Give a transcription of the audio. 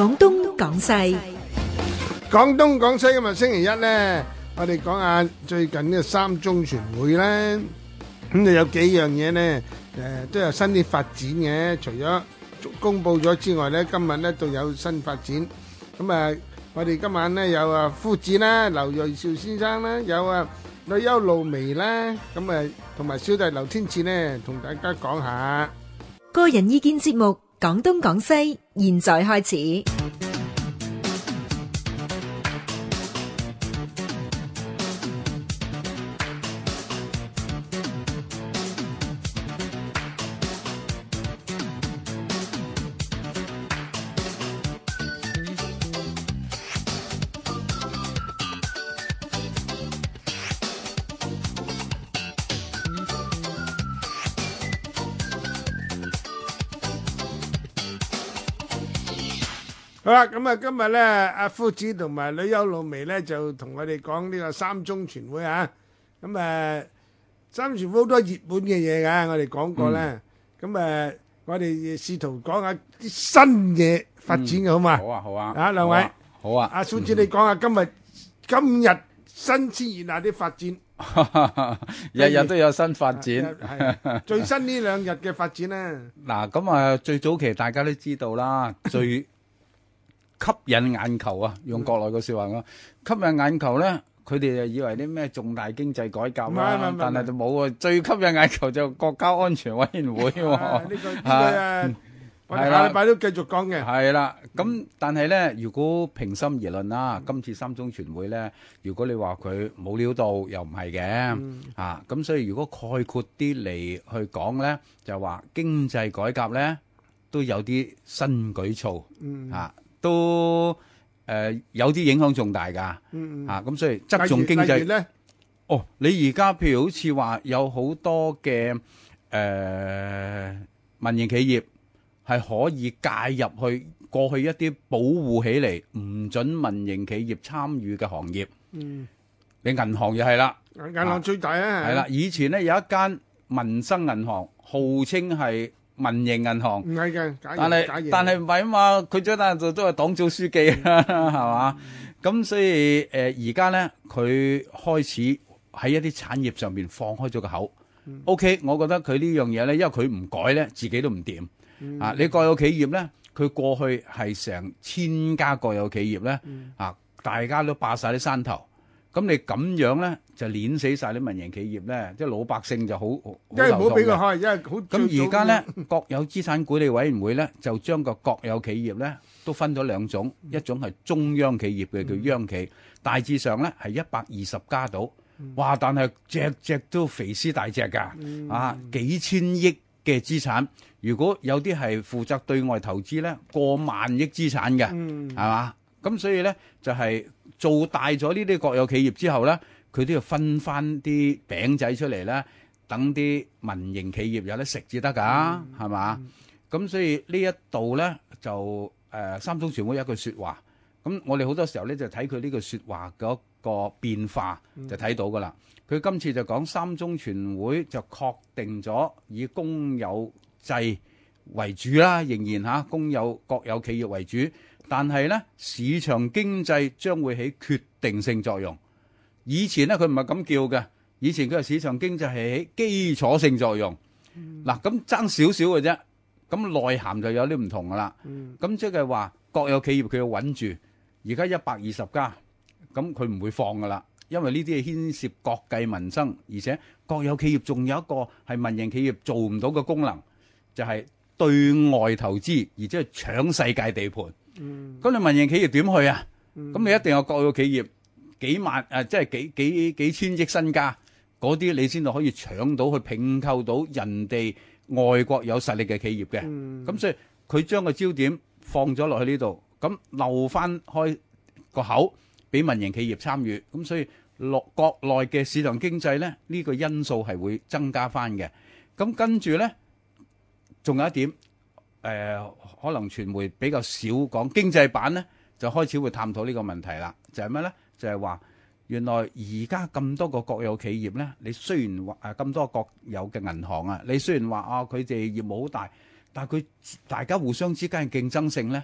廣東廣西，廣東廣西今日星期一呢，我哋講下最近嘅三中全會呢，咁啊有幾樣嘢呢，誒都有新啲發展嘅，除咗公布咗之外呢，今日呢都有新發展。咁啊，我哋今晚呢有啊夫子啦，劉銳紹先生啦，有啊閭丘露薇啦，咁啊同埋小弟劉天賜呢，同大家講下個人意見節目。講東講西，現在開始。好啦，咁啊，今日咧，阿夫子同埋閭丘露薇咧就同我哋講呢個三中全會啊。咁誒，三全好多熱門嘅嘢噶，我哋講過咧。咁誒，我哋試圖講下啲新嘢發展嘅好嘛？好啊，好啊。啊，兩位，好啊。阿夫子，你講下今日今日，新鮮熱辣啲發展。日日都有新發展。最新呢兩日嘅發展咧。嗱，咁啊，最早期大家都知道啦，最吸引眼球啊！用國內個説話講，吸引眼球咧，佢哋就以為啲咩重大經濟改革啦，但係就冇啊。最吸引眼球就國家安全委員會喎，係啦，下禮拜都繼續講嘅。係啦，咁但係咧，如果平心而論啦，今次三中全會咧，如果你話佢冇料到，又唔係嘅啊。咁所以如果概括啲嚟去講咧，就話經濟改革咧都有啲新舉措啊。都誒有啲影響重大㗎，啊，咁所以側重經濟咧。哦，你而家譬如好似話有好多嘅誒民營企業係可以介入去過去一啲保護起嚟唔准民營企業參與嘅行業。嗯，你銀行又係啦，銀行最大啊。係啦，以前咧有一間民生銀行，號稱係。民營銀行唔係嘅，但係是意但係唔係啊嘛，佢最但就都係黨組書記啊，係嘛？咁所以誒而家咧，佢、呃、開始喺一啲產業上面放開咗個口。嗯、OK，我覺得佢呢樣嘢咧，因為佢唔改咧，自己都唔掂、嗯、啊！你國有企業咧，佢過去係成千家國有企業咧啊，大家都霸晒啲山頭。咁你咁樣咧，就碾死晒啲民營企業咧，即係老百姓就好，即係唔好俾佢開，因為好。咁而家咧，國有資產管理委員會咧，就將個國有企業咧都分咗兩種，嗯、一種係中央企業嘅叫央企，大致上咧係一百二十家到，嗯、哇！但係隻隻都肥屍大隻噶，嗯、啊，幾千億嘅資產，如果有啲係負責對外投資咧，過萬億資產嘅，係嘛、嗯？嗯咁所以呢，就係、是、做大咗呢啲國有企業之後，呢佢都要分翻啲餅仔出嚟，呢等啲民營企業有得食至得噶，係嘛？咁所以呢一度呢，就誒、呃、三中全會有一句説話，咁我哋好多時候呢，就睇佢呢句説話嗰個變化，就睇到噶啦。佢、嗯、今次就講三中全會就確定咗以公有制為主啦，仍然嚇、啊、公有國有企業為主。但係咧，市場經濟將會起決定性作用。以前咧，佢唔係咁叫嘅。以前佢話市場經濟係起基礎性作用。嗱、嗯，咁爭少少嘅啫。咁內涵就有啲唔同㗎啦。咁即係話國有企業佢要穩住，而家一百二十家咁佢唔會放㗎啦，因為呢啲係牽涉國計民生，而且國有企業仲有一個係民營企業做唔到嘅功能，就係、是、對外投資，而且係搶世界地盤。咁你民營企業點去啊？咁你一定有國有企業幾萬誒，即係幾幾幾千億身家，嗰啲你先至可以搶到去併購到人哋外國有實力嘅企業嘅。咁所以佢將個焦點放咗落去呢度，咁留翻開個口俾民營企業參與。咁所以落國內嘅市場經濟咧，呢個因素係會增加翻嘅。咁跟住咧，仲有一點。誒、呃、可能傳媒比較少講經濟版咧，就開始會探討呢個問題啦。就係咩咧？就係、是、話原來而家咁多個國有企業咧，你雖然話誒咁多國有嘅銀行啊，你雖然話啊佢哋業務好大，但係佢大家互相之間嘅競爭性咧。